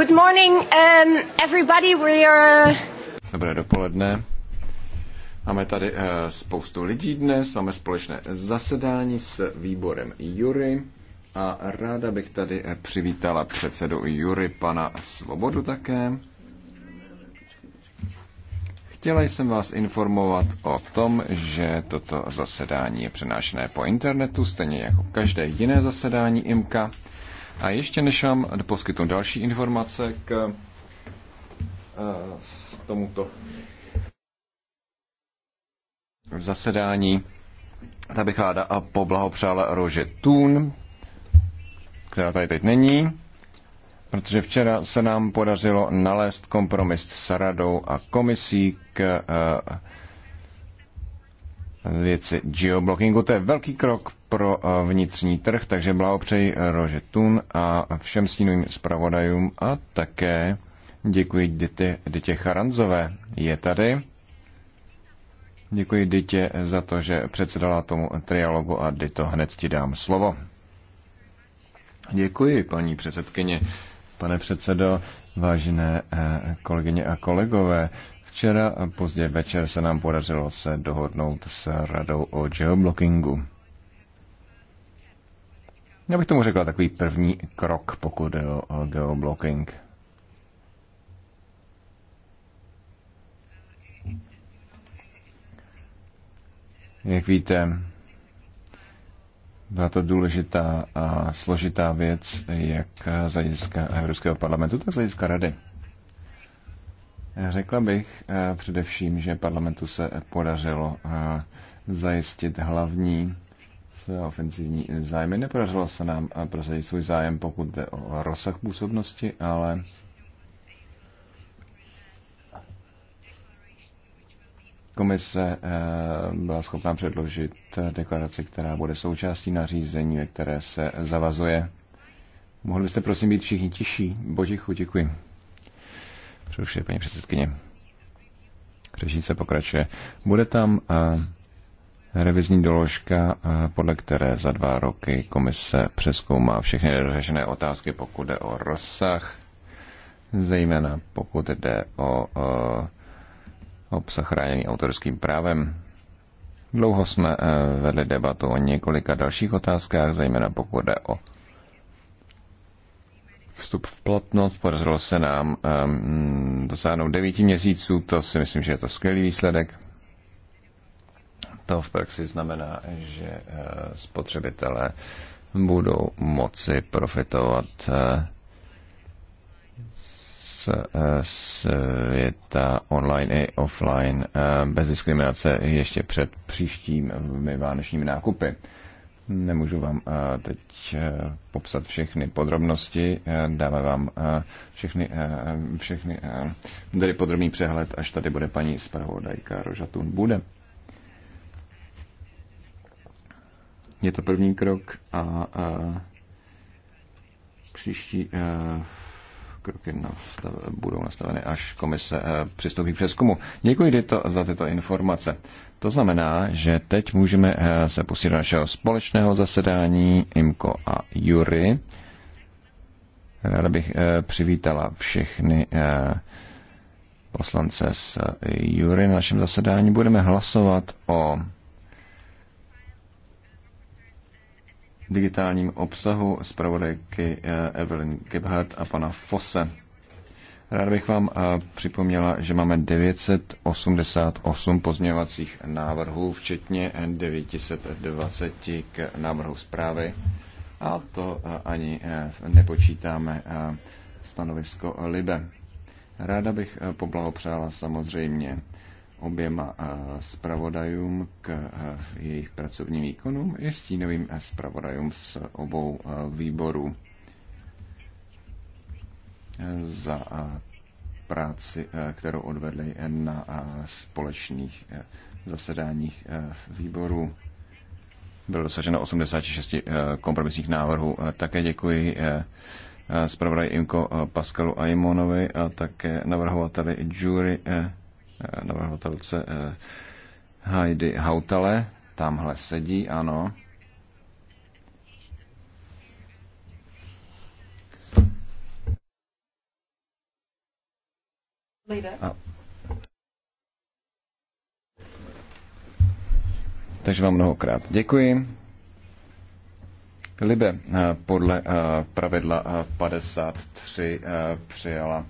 Good morning, um, everybody. We are... Uh, Dobré dopoledne. Máme tady uh, spoustu lidí dnes, máme společné zasedání s výborem Jury a ráda bych tady eh, přivítala předsedu Jury, pana Svobodu také. Chtěla jsem vás informovat o tom, že toto zasedání je přenášené po internetu, stejně jako každé jiné zasedání IMKA. A ještě než vám poskytnu další informace k eh, tomuto zasedání, Ta bych ráda a poblahopřála Rože Tun, která tady teď není, protože včera se nám podařilo nalézt kompromis s radou a komisí k uh, věci geoblockingu. To je velký krok pro eh, vnitřní trh, takže blahopřeji eh, Rože Tun a všem stínovým zpravodajům a také děkuji Dity, dětě Charanzové. Je tady. Děkuji Dytě za to, že předsedala tomu trialogu a Dito, hned ti dám slovo. Děkuji, paní předsedkyně. Pane předsedo, vážené eh, kolegyně a kolegové, Včera a pozdě večer se nám podařilo se dohodnout s radou o geoblockingu. Já bych tomu řekl takový první krok, pokud jde o geoblocking. Jak víte, byla to důležitá a složitá věc, jak z hlediska Evropského parlamentu, tak z hlediska Rady. Řekla bych eh, především, že parlamentu se podařilo eh, zajistit hlavní své ofenzivní zájmy. Nepodařilo se nám eh, prosadit svůj zájem, pokud jde o rozsah působnosti, ale komise byla schopná předložit deklaraci, která bude součástí nařízení, ve které se zavazuje. Mohli byste prosím být všichni tiší? Botichu, děkuji. Přerušuje paní předsedkyně. Řeší se pokračuje. Bude tam eh, revizní doložka, eh, podle které za dva roky komise přeskoumá všechny nedořešené otázky, pokud jde o rozsah, zejména pokud jde o, o eh, obsah chráněný autorským právem. Dlouho jsme vedli debatu o několika dalších otázkách, zejména pokud jde o vstup v platnost. Podařilo se nám um, dosáhnout devíti měsíců, to si myslím, že je to skvělý výsledek. To v praxi znamená, že uh, spotřebitelé budou moci profitovat uh, světa online i offline bez diskriminace ještě před příštími vánočními nákupy. Nemůžu vám eh, teď eh, popsat všechny podrobnosti, eh, dáme vám všechny, všechny tady podrobný přehled, až tady bude paní zpravodajka Rožatun bude. Je to první krok a, a příští kroky nastav, budou nastaveny, až komise eh, přistoupí k přeskumu. Děkuji to za tyto informace. To znamená, že teď můžeme eh, se pustit do našeho společného zasedání IMKO a Jury. Ráda bych eh, přivítala všechny poslance z Jury na našem zasedání. Budeme hlasovat o digitálním obsahu zpravodajky eh, Evelyn Gebhardt a pana Fosse. Rád bych vám eh, připomněla, že máme 988 pozměňovacích návrhů, včetně 920 k návrhu zprávy. A to eh, ani nepočítáme stanovisko Libe. Ráda bych poblahopřála samozřejmě oběma eh, zpravodajům k eh, jejich pracovním výkonům i stínovým eh, zpravodajům z obou výborů za práci, kterou odvedli na společných zasedáních výborů. Bylo dosaženo 86 kompromisních návrhů. Také děkuji zpravodaj Imko Paskalu Aimonovi a také navrhovateli jury Eh, navrhovatelce eh, Heidi Hautale. Tamhle sedí, ano. A. Takže vám mnohokrát děkuji. Libe eh, podle pravidla 53 přijala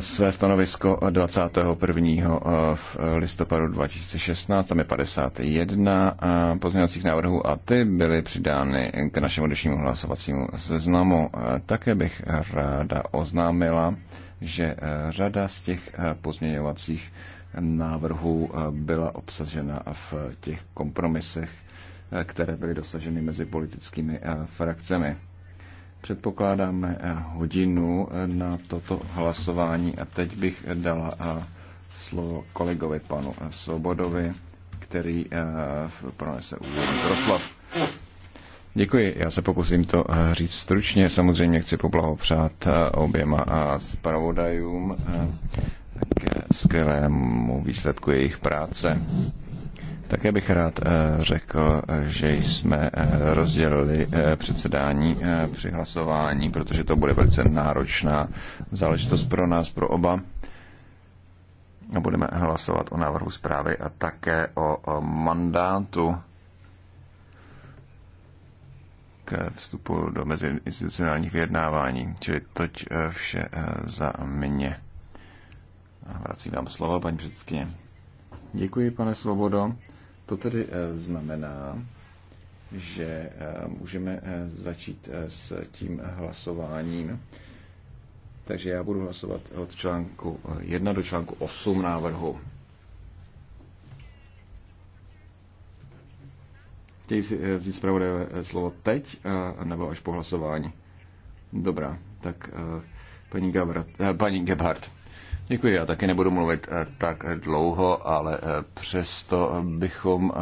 své stanovisko 21. Eh, v listopadu 2016, tam je 51 eh, pozměňovacích návrhů a ty byly přidány k našemu dnešnímu hlasovacímu seznamu. Eh, také bych ráda oznámila, že řada z těch pozměňovacích návrhů byla obsažena v těch kompromisech, které byly dosaženy mezi politickými frakcemi. Předpokládáme eh, hodinu eh, na toto hlasování a teď bych eh, dala slovo kolegovi panu Svobodovi, který pronese úvodní proslov. Děkuji, já se pokusím to říct stručně. Samozřejmě chci poblahopřát oběma zpravodajům ke skvělému výsledku jejich práce. Také bych rád eh, řekl, že jsme eh, rozdělili eh, předsedání při hlasování, protože to bude velice náročná záležitost pro nás, pro oba. Budeme hlasovat o návrhu zprávy a také o mandátu k vstupu do meziinstitucionálních vyjednávání. Čili toť vše za mě. A vracím vám slovo, paní předsedkyně. Děkuji, pane Svobodo. To tedy eh, znamená, že eh, můžeme eh, začít s tím hlasováním. Takže já budu hlasovat od článku 1 do článku 8 návrhu. Chtějí si vzít zpravodajové slovo teď nebo až po hlasování? Dobrá, tak paní, Gabrat, paní Gebhardt. Děkuji, já taky nebudu mluvit eh, tak dlouho, ale eh, přesto bychom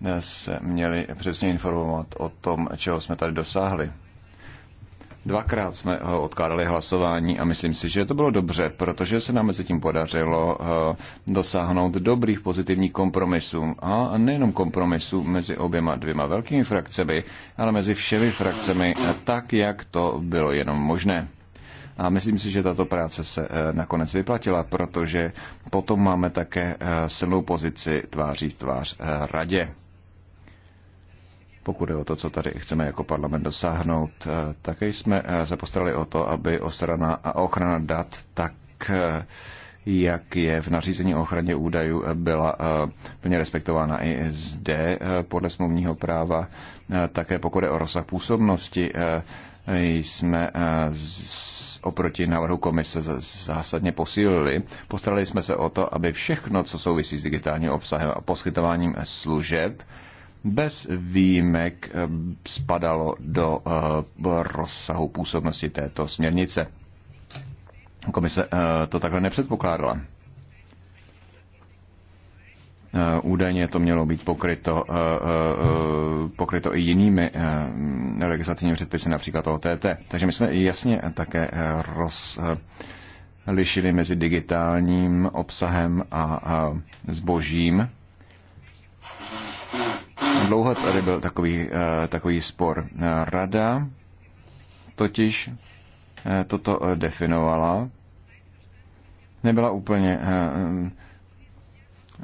eh, se měli přesně informovat o tom, čeho jsme tady dosáhli. Dvakrát jsme odkládali hlasování a myslím si, že to bylo dobře, protože se nám mezi tím podařilo dosáhnout dobrých pozitivních kompromisů. A nejenom kompromisů mezi oběma dvěma velkými frakcemi, ale mezi všemi frakcemi, tak jak to bylo jenom možné. A myslím si, že tato práce se eh, nakonec vyplatila, protože potom máme také eh, silnou pozici tváří v tvář eh, radě. Pokud je o to, co tady chceme jako parlament dosáhnout, také jsme se postarali o to, aby ostrana a ochrana dat tak jak je v nařízení o ochraně údajů, byla plně respektována i zde podle smluvního práva. Také pokud je o rozsah působnosti, jsme eh, oproti návrhu komise zásadně posílili. Postarali jsme se o to, aby všechno, co souvisí s digitálním obsahem a poskytováním služeb, bez výjimek eh, spadalo do eh, rozsahu působnosti této směrnice. Komise to takhle nepředpokládala. Eh, údajně to mělo být pokryto, eh, eh, pokryto i jinými legislativními předpisy, například OTT. Takže my jsme jasně také roz, lišili mezi digitálním obsahem a zbožím. Dlouho tady byl takový, takový spor. Rada totiž toto definovala. Nebyla úplně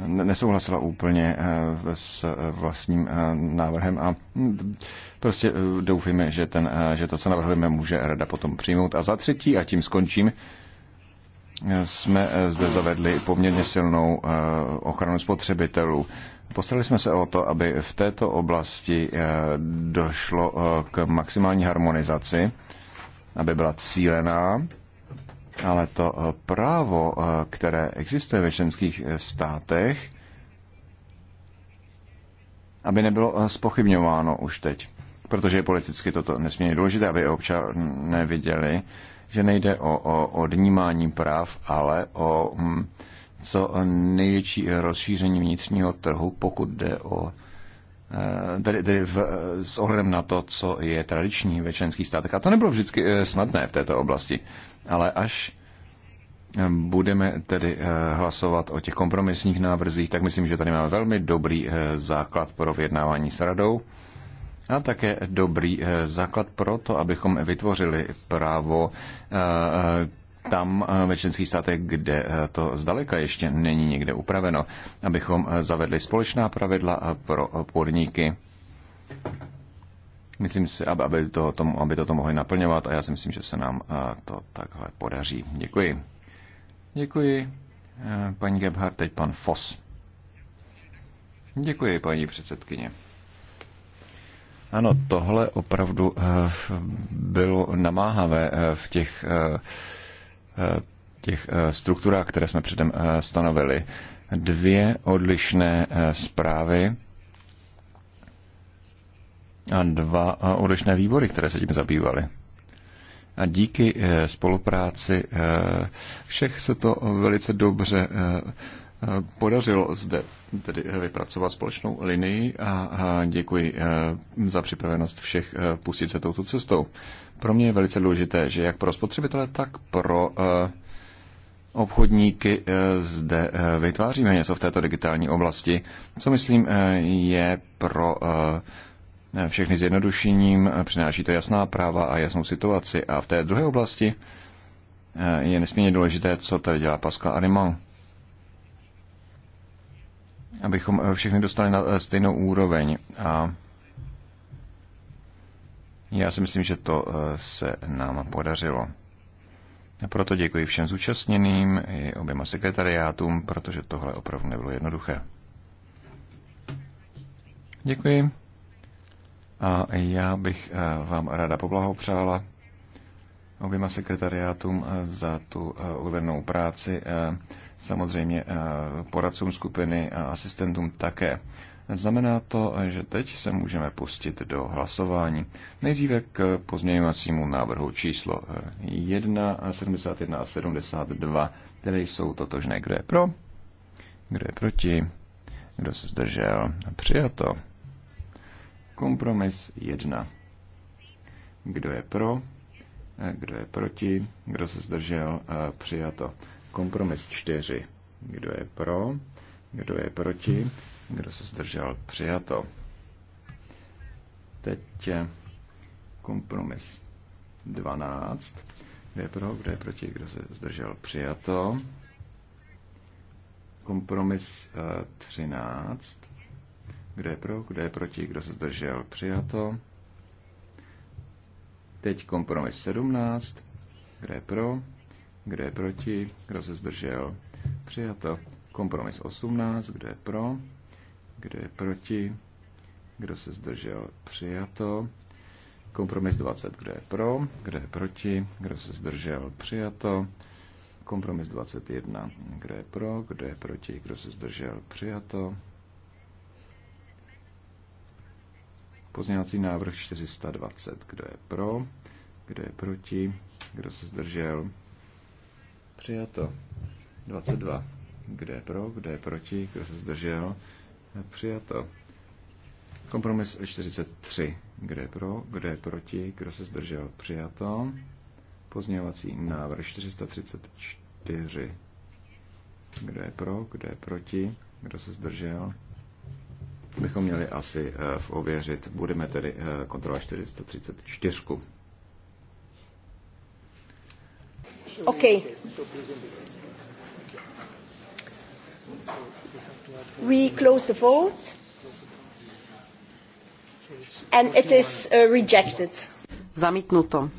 nesouhlasila úplně eh, s eh, vlastním eh, návrhem a hm, prostě doufíme, že, ten, že to, co navrhujeme, může rada potom přijmout. A za třetí, a tím skončím, jsme zde zavedli poměrně silnou ochranu spotřebitelů. Postarali jsme se o to, aby v této oblasti došlo k maximální harmonizaci, aby byla cílená ale to eh, právo, eh, které existuje ve členských eh, státech, aby nebylo spochybňováno už teď. Protože je politicky toto nesmírně důležité, aby občané viděli, že nejde o, o odnímání práv, ale o hm, co největší rozšíření vnitřního trhu, pokud jde o Eh, tedy, tedy v, eh, s ohledem na to, co je tradiční ve členských státech. A to nebylo vždycky eh, snadné v této oblasti, ale až budeme tedy hlasovat o těch kompromisních návrzích, tak myslím, že tady máme velmi dobrý základ pro vyjednávání s radou a také dobrý základ pro to, abychom vytvořili právo tam eh, ve členských státech, kde eh, to zdaleka ještě není někde upraveno, abychom eh, zavedli společná pravidla pro podniky. Myslím si, aby, aby, to, tom, aby to mohli naplňovat a já si myslím, že se nám to takhle podaří. Děkuji. Děkuji. Paní Gebhardt, teď pan Foss. Děkuji, paní předsedkyně. Ano, tohle opravdu bylo namáhavé v těch Eh, těch eh, strukturách, které jsme předem eh, stanovili, dvě odlišné zprávy a dva odlišné výbory, které se tím zabývaly. A díky spolupráci všech se to velice dobře podařilo zde tedy vypracovat společnou linii a děkuji e, za připravenost všech e, pustit se touto cestou. Pro mě je velice důležité, že jak pro spotřebitele, tak pro e, obchodníky zde vytváříme něco v této digitální oblasti, co myslím je pro všechny zjednodušením, přináší to jasná práva a jasnou situaci. A v té druhé oblasti je nesmírně důležité, co tady dělá Pascal Arimont abychom eh, všechny dostali na eh, stejnou úroveň. A já si myslím, že to eh, se nám podařilo. A proto děkuji všem zúčastněným i oběma sekretariátům, protože tohle opravdu nebylo jednoduché. Děkuji. A já bych vám ráda poblahopřála oběma sekretariátům za tu uvedenou práci samozřejmě eh, poradcům skupiny a asistentům také. Znamená to, že teď se můžeme pustit do hlasování. Nejdříve k pozměňovacímu návrhu číslo 1, eh, 71 a 72, které jsou totožné. Kdo je pro? Kdo je proti? Kdo se zdržel? Přijato. Kompromis 1. Kdo je pro? Eh, kdo je proti? Kdo se zdržel? Přijato. Kompromis 4. Eh, Kdo je pro? Kdo je proti? Kdo se zdržel? Přijato. Teď kompromis 12. Kdo je pro? Kdo je proti? Kdo se zdržel? Přijato. Kompromis 13. Kdo je pro? Kdo je proti? Kdo se zdržel? Přijato. Teď kompromis 17. Kdo je pro? kdo je proti, kdo se zdržel, přijato. Kompromis 18, kdo je pro, kdo je proti, kdo se zdržel, přijato. Kompromis 20, kdo je pro, kdo je proti, kdo se zdržel, přijato. Kompromis 21, kdo je pro, kdo je proti, kdo se zdržel, přijato. Pozměňovací návrh 420, kdo je pro, kdo je proti, kdo se zdržel, Přijato. 22. Kde je pro, kde je proti, kdo se zdržel? Přijato. Kompromis 43. Kde je pro, kde je proti, kdo se zdržel? Přijato. Pozměňovací návrh 434. Kde je pro, kde je proti, kdo se zdržel? Bychom měli asi uh, ověřit. Budeme tedy uh, kontrolovat 434. Okay. We close the vote. And it is uh, rejected. Zamítnuto.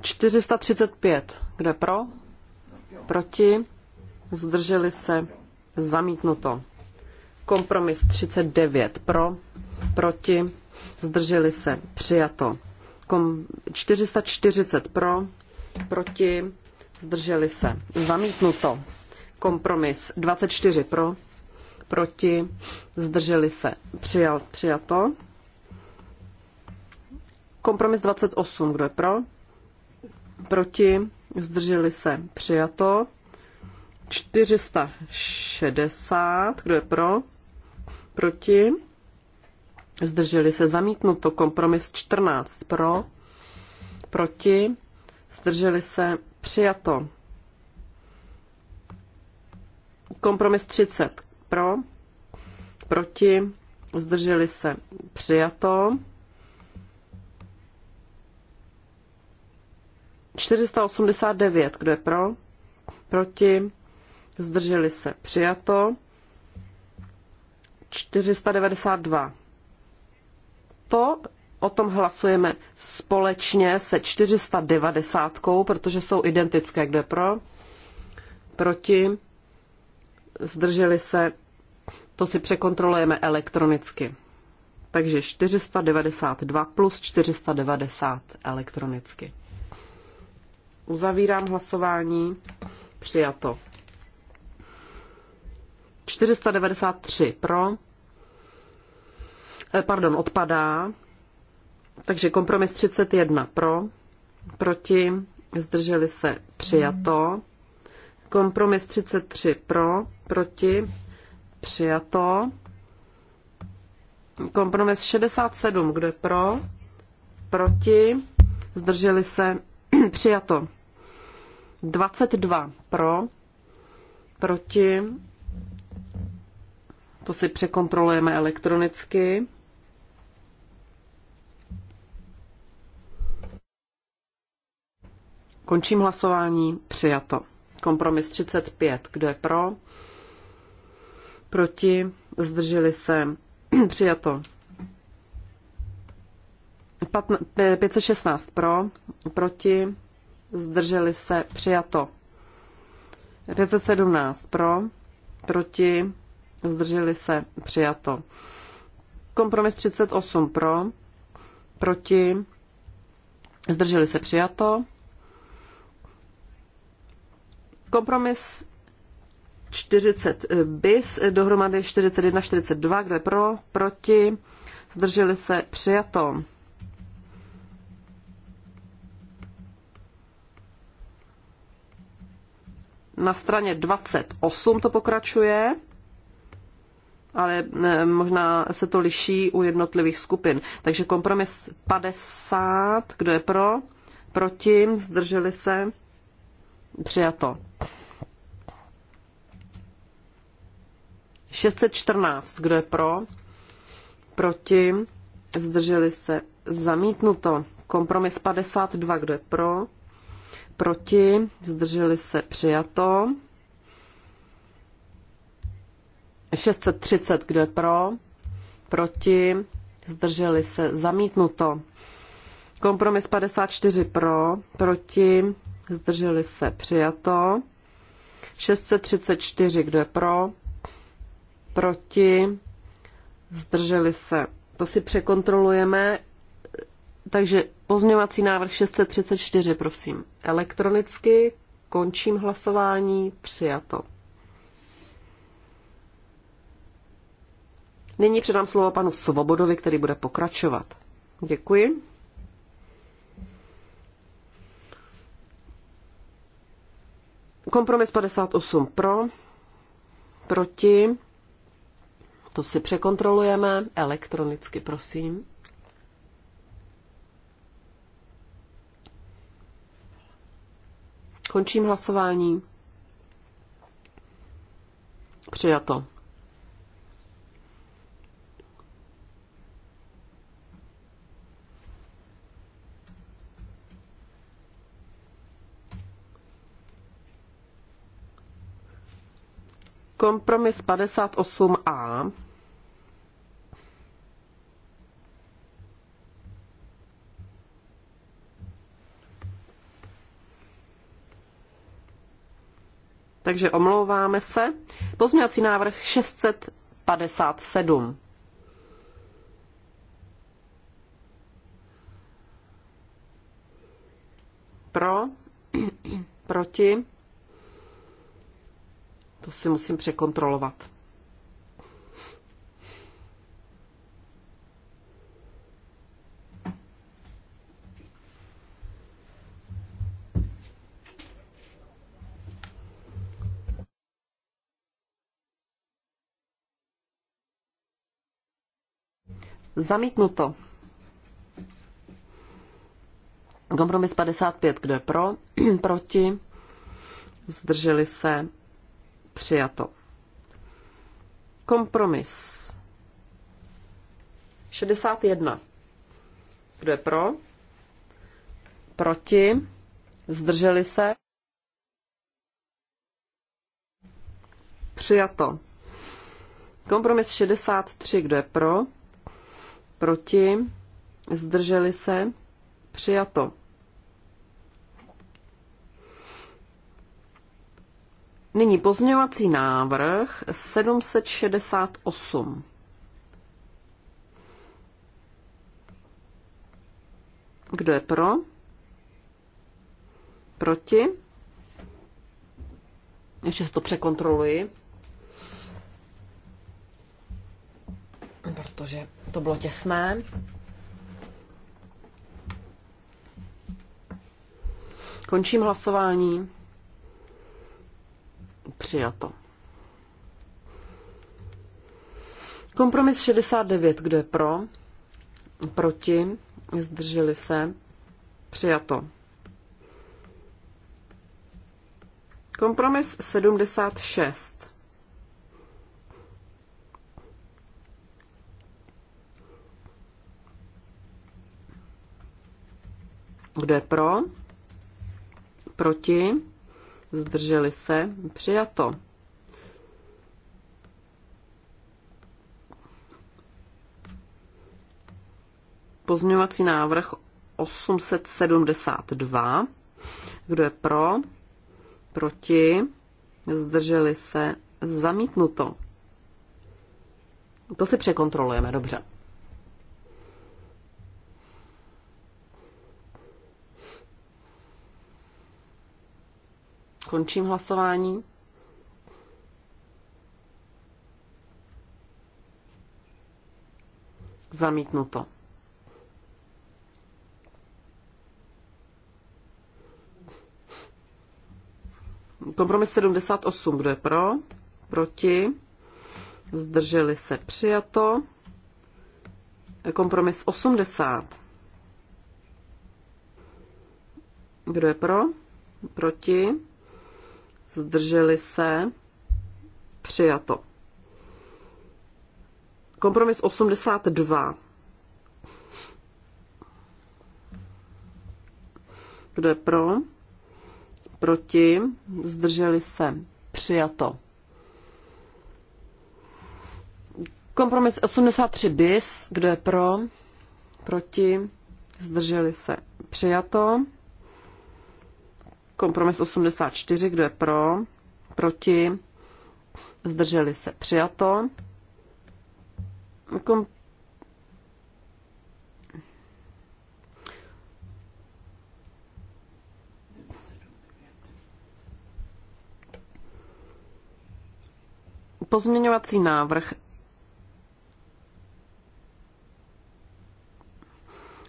435. Kde pro? Proti? Zdrželi se? Zamítnuto. Kompromis 39. Pro? Proti? Zdrželi se? Přijato. 440 pro, proti, zdrželi se. Zamítnuto. Kompromis 24 pro, proti, zdrželi se. Přijal, přijato. Kompromis 28, kdo je pro? Proti, zdrželi se. Přijato. 460, kdo je pro? Proti, zdrželi se zamítnuto, kompromis 14 pro, proti, zdrželi se přijato. Kompromis 30 pro, proti, zdrželi se přijato. 489, kdo je pro, proti, zdrželi se přijato. 492 proto o tom hlasujeme společně se 490, protože jsou identické. Kdo je pro? Proti? Zdrželi se? To si překontrolujeme elektronicky. Takže 492 plus 490 elektronicky. Uzavírám hlasování. Přijato. 493 pro, Eh, pardon, odpadá. Takže kompromis 31 pro, proti, zdrželi se přijato. Kompromis 33 pro, proti, přijato. Kompromis 67, kdo je pro, proti, zdrželi se přijato. 22 pro, proti, to si překontrolujeme elektronicky. Končím hlasování. Přijato. Kompromis 35. Kdo je pro? Proti? Zdrželi se? Přijato. 516 pro, proti, zdrželi se, přijato. 517 pro, proti, zdrželi se, přijato. Kompromis 38 pro, proti, zdrželi se, přijato. Kompromis 40 bis, dohromady 41, 42, kde pro, proti, zdrželi se, přijato. Na straně 28 to pokračuje, ale eh, možná se to liší u jednotlivých skupin. Takže kompromis 50, kdo je pro, proti, zdrželi se, přijato. 614. Kdo je pro? Proti? Zdrželi se. Zamítnuto. Kompromis 52. Kdo je pro? Proti? Zdrželi se. Přijato. 630. Kdo je pro? Proti? Zdrželi se. Zamítnuto. Kompromis 54 pro, proti, zdrželi se přijato. 634, kdo je pro, proti, zdrželi se. To si překontrolujeme. Takže pozměňovací návrh 634, prosím. Elektronicky končím hlasování, přijato. Nyní předám slovo panu Svobodovi, který bude pokračovat. Děkuji. Kompromis 58 pro, proti, to si překontrolujeme elektronicky, prosím. Končím hlasování. Přijato. Kompromis 58a. Takže omlouváme se. Pozměňovací návrh 657. Pro, proti, to si musím překontrolovat. Zamítnuto. Kompromis 55, kdo je pro, proti, zdrželi se, Přijato. Kompromis. 61. Kdo je pro? Proti? Zdrželi se? Přijato. Kompromis 63. Kdo je pro? Proti? Zdrželi se? Přijato. Nyní pozměňovací návrh 768. Kdo je pro? Proti? Ještě se to překontroluji. Protože to bylo těsné. Končím hlasování. Přijato. Kompromis 69, kdo je pro? Proti? Zdrželi se? Přijato. Kompromis 76. Kdo je pro? Proti? zdrželi se, přijato. Pozměňovací návrh 872. Kdo je pro? Proti? Zdrželi se? Zamítnuto. To si překontrolujeme, dobře. Končím hlasování. Zamítnuto. Kompromis 78, kdo je pro? Proti? Zdrželi se přijato. Kompromis 80. Kdo je pro? Proti? zdrželi se, přijato. Kompromis 82. Kdo je pro? Proti? Zdrželi se. Přijato. Kompromis 83 bis. Kdo je pro? Proti? Zdrželi se. Přijato. Kompromis 84, kdo je pro? Proti? Zdrželi se přijato. Kom... Pozměňovací návrh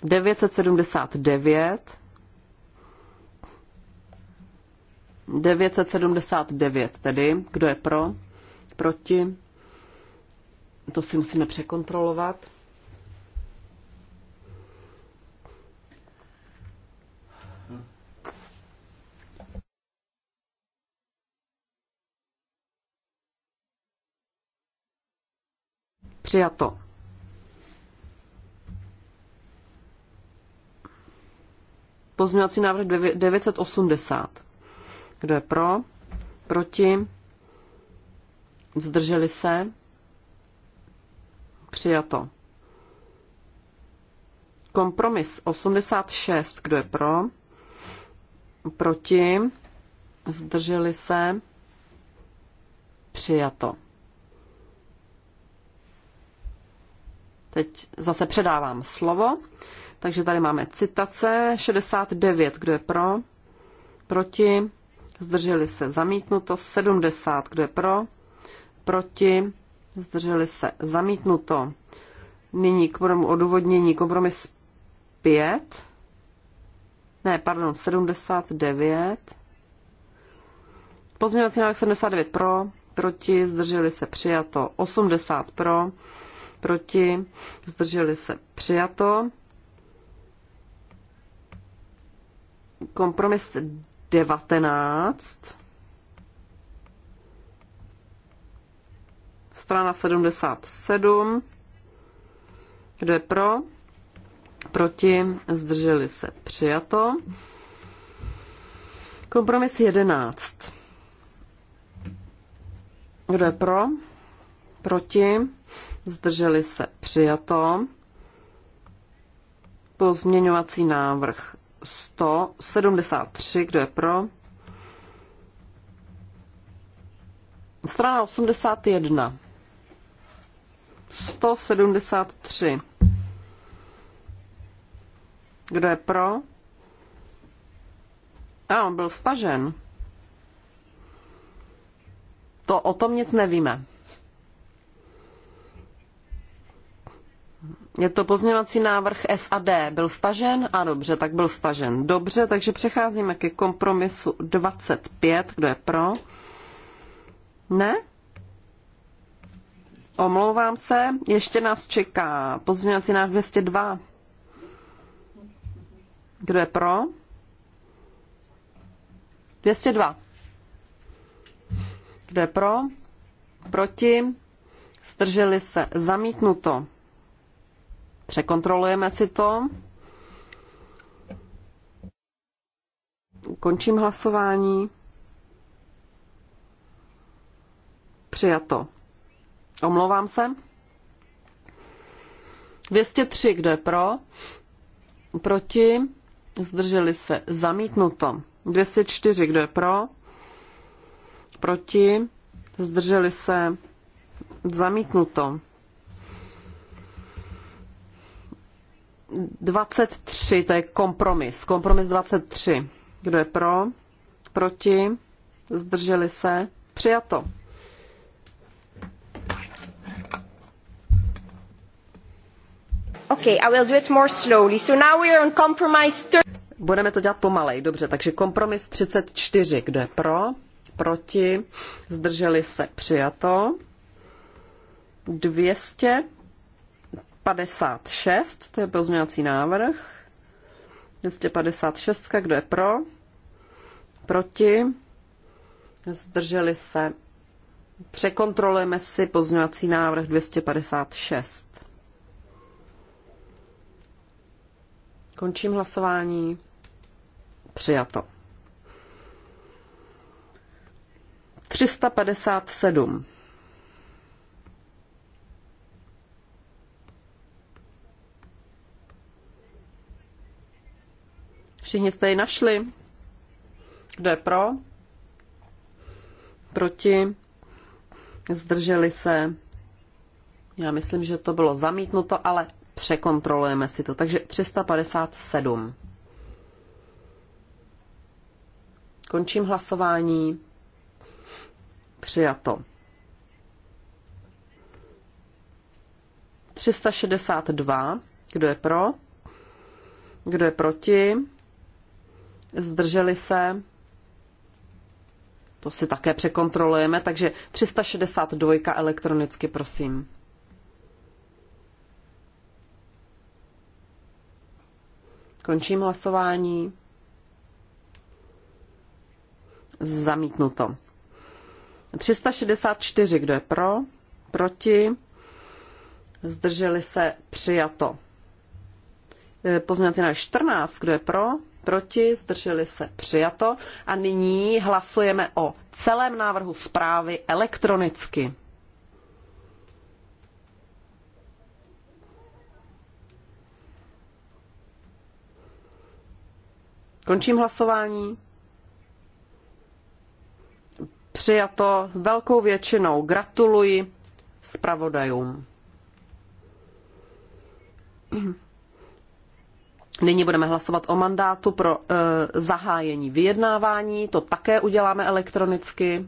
979 979 tedy, kdo je pro, proti, to si musíme překontrolovat. Přijato. Pozměňovací návrh 980. Kdo je pro? Proti? Zdrželi se? Přijato. Kompromis 86. Kdo je pro? Proti? Zdrželi se? Přijato. Teď zase předávám slovo. Takže tady máme citace 69. Kdo je pro? Proti? zdrželi se zamítnuto, 70, kdo je pro, proti, zdrželi se zamítnuto. Nyní k odůvodnění kompromis 5, ne, pardon, 79. Pozměňovací návrh 79 pro, proti, zdrželi se přijato, 80 pro, proti, zdrželi se přijato. Kompromis 19, strana 77, kdo je pro, proti, zdrželi se, přijato. Kompromis 11. Kdo je pro? Proti? Zdrželi se přijato. Pozměňovací návrh 173, kdo je pro? Strana 81. 173. Kdo je pro? A on byl stažen. To o tom nic nevíme. Je to pozměňovací návrh SAD. Byl stažen? A dobře, tak byl stažen. Dobře, takže přecházíme ke kompromisu 25. Kdo je pro? Ne? Omlouvám se, ještě nás čeká pozměňovací návrh 202. Kdo je pro? 202. Kdo je pro? Proti? Strželi se. Zamítnuto. Překontrolujeme si to. Končím hlasování. Přijato. Omlouvám se. 203, kdo je pro? Proti? Zdrželi se. Zamítnuto. 204, kdo je pro? Proti? Zdrželi se. Zamítnuto. 23, to je kompromis. Kompromis 23. Kdo je pro? Proti? Zdrželi se? Přijato. Okay, I will do it more slowly. So now we are on compromise Budeme to dělat pomalej, dobře. Takže kompromis 34. Kdo je pro? Proti? Zdrželi se? Přijato. 200 256, to je pozměňovací návrh. 256, kdo je pro? Proti? Zdrželi se. Překontrolujeme si pozměňovací návrh 256. Končím hlasování. Přijato. 357. Všichni jste ji našli. Kdo je pro? Proti? Zdrželi se? Já myslím, že to bylo zamítnuto, ale překontrolujeme si to. Takže 357. Končím hlasování. Přijato. 362. Kdo je pro? Kdo je proti? zdrželi se, to si také překontrolujeme, takže 362 elektronicky, prosím. Končím hlasování. Zamítnuto. 364, kdo je pro, proti, zdrželi se, přijato. E, pozměňovací návrh 14, kdo je pro, proti, zdrželi se přijato. A nyní hlasujeme o celém návrhu zprávy elektronicky. Končím hlasování. Přijato velkou většinou. Gratuluji zpravodajům. Nyní budeme hlasovat o mandátu pro e, zahájení vyjednávání. To také uděláme elektronicky.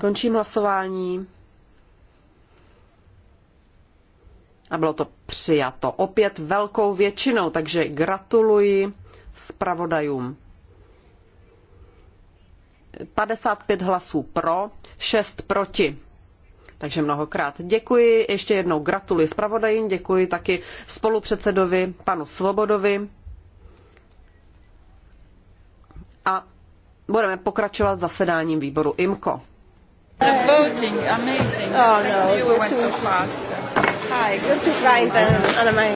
Končím hlasování. A bylo to přijato opět velkou většinou, takže gratuluji zpravodajům. 55 hlasů pro, 6 proti. Takže mnohokrát děkuji, ještě jednou gratuluji zpravodajím, děkuji taky spolupředsedovi panu Svobodovi. A budeme pokračovat zasedáním výboru IMCO. The voting, amazing. Oh, no,